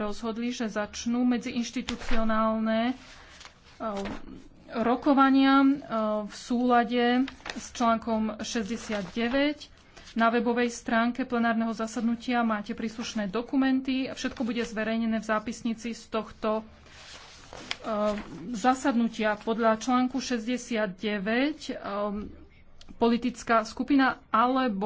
rozhodli, že začnú medziinštitucionálne eh, rokovania eh, v súlade s článkom 69 na webovej stránke plenárneho zasadnutia máte príslušné dokumenty a všetko bude zverejnené v zápisnici z tohto eh, zasadnutia. Podľa článku 69 politická skupina alebo